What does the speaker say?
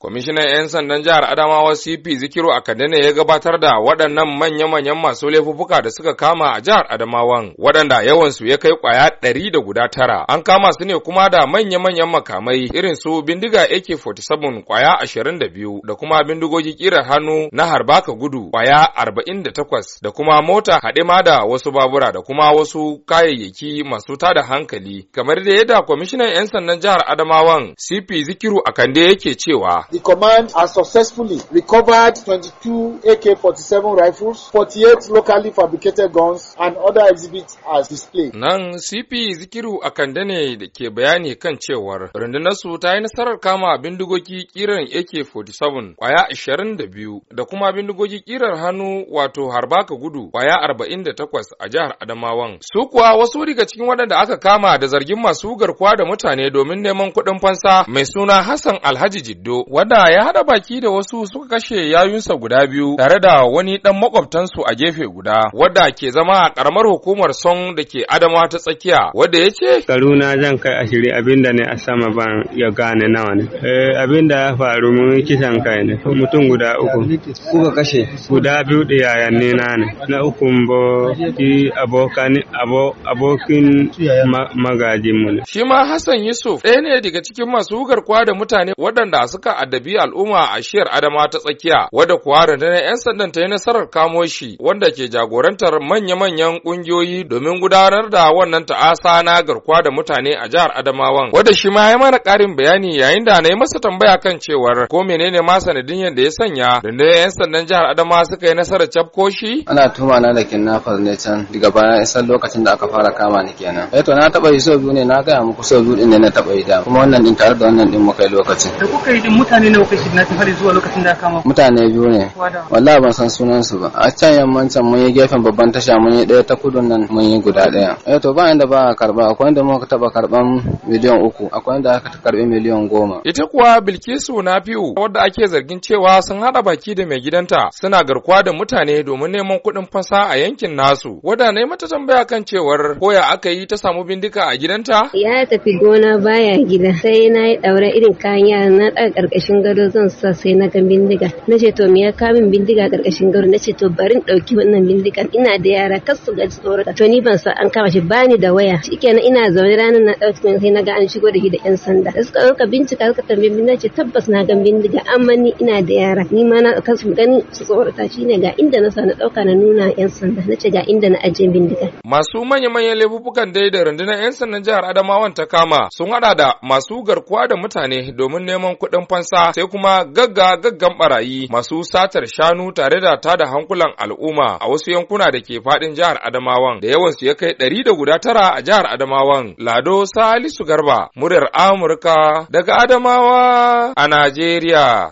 Kwamishinan 'yan sandan jihar Adamawa CP Zikiru ne ya gabatar da waɗannan manya-manyan masu laifuffuka da suka kama a jihar Adamawan, waɗanda yawansu ya kai ƙwaya ɗari da guda tara. An kama su ne kuma da manya-manyan makamai irin su bindiga AK-47 ƙwaya ashirin da biyu da kuma bindigogi ƙirar hannu na harbaka gudu ƙwaya arba'in da takwas da kuma mota haɗe da wasu babura da kuma wasu kayayyaki masu tada hankali. Kamar da yadda kwamishinan 'yan sandan jihar Adamawan CP Zikiru kande yake cewa The command has successfully recovered 22 AK-47 rifles, 48 locally fabricated guns, and other exhibits as displayed. Nan CP Zikiru Kande ne da ke bayani kan cewar rundunarsu ta yi nasarar kama bindigogi kiran AK-47 kwaya 22 da kuma bindigogi ƙirar hannu wato harbaka gudu kwaya 48 a jihar Adamawan. Su kuwa wasu daga cikin waɗanda aka kama da zargin masu garkuwa da mutane domin neman kuɗin fansa mai suna Hassan Alhaji Jiddo wanda ya hada baki da wasu suka kashe yayunsa guda biyu tare da wani dan makwabtansu a gefe guda wadda ke zama a karamar hukumar son da ke adama ta tsakiya wadda ya ce karuna zan kai ashiri abinda ne a sama ban ya gane nawa ne eh abinda ya faru mun kisan kai ne mutum guda uku kuka kashe guda biyu da yayan ne na ne na uku bo ki abokan abo abokin magajin mu ne shi ma Hassan Yusuf ɗaya ne daga cikin masu garkuwa da mutane waɗanda suka addabi al'umma a shiyar Adama ta tsakiya wadda kuwa rundunar 'yan sandan ta yi nasarar kamo shi wanda ke jagorantar manya-manyan ƙungiyoyi domin gudanar da wannan ta'asa na garkuwa da mutane a jihar Adamawan wadda shi ma ya mana ƙarin bayani yayin da na yi masa tambaya kan cewar ko menene ma sanadin yadda ya sanya rundunar 'yan sandan jihar Adama suka yi nasarar cafko shi. Ana tuma na da kinnafar ne can daga bayan isan lokacin da aka fara kama ni kenan. Eh to na taɓa yi so biyu ne na gaya muku so biyu ɗin ne na taɓa yi da kuma wannan ɗin tare da wannan ɗin muka yi lokacin. Da kuka yi ɗin mutane mutane ne kai na tafari zuwa lokacin da kama mutane biyu ne wallahi ban san sunan ba a can yammancin mun yi gefen babban tasha mun yi daya ta kudu nan mun yi guda daya eh to ba inda ba karba akwai inda muka taba karban miliyan uku akwai inda aka karbi miliyan goma ita kuwa Bilkisu na Nafi'u wadda ake zargin cewa sun hada baki da mai gidanta suna garkuwa da mutane domin neman kuɗin fansa a yankin nasu wadda ne mata tambaya kan cewar koya aka yi ta samu bindika a gidanta ya tafi gona baya gida sai na yi daure irin kayan na ɗan ƙarƙashin ƙarƙashin gado zan sa sai na ga bindiga na ce to me ya min bindiga karkashin gado na ce to bari in ɗauki wannan bindigan ina da yara kar su gaji tsoro to ni ban sa an kama shi bani da waya shikenan ina zaune ranar na wani sai na ga an shigo da shi da ƴan sanda da suka ɗauka bincika suka tambayi bindiga ce tabbas na ga bindiga amma ni ina da yara ni ma na kan su gani su tsorata shine ga inda na sa na dauka na nuna ƴan sanda na ce ga inda na ajiye bindiga masu manya-manyan laifukan dai da rundunar ƴan sandan jihar Adamawan ta kama sun hada da masu garkuwa da mutane domin neman kuɗin fansa ƙasa sai kuma gagga gaggan barayi masu satar shanu tare da tada hankulan al'umma a wasu yankuna da ke faɗin jihar Adamawan da yawan su ya kai ɗari da guda tara a jihar Adamawan. Lado Salisu Garba, muryar Amurka daga Adamawa a Najeriya.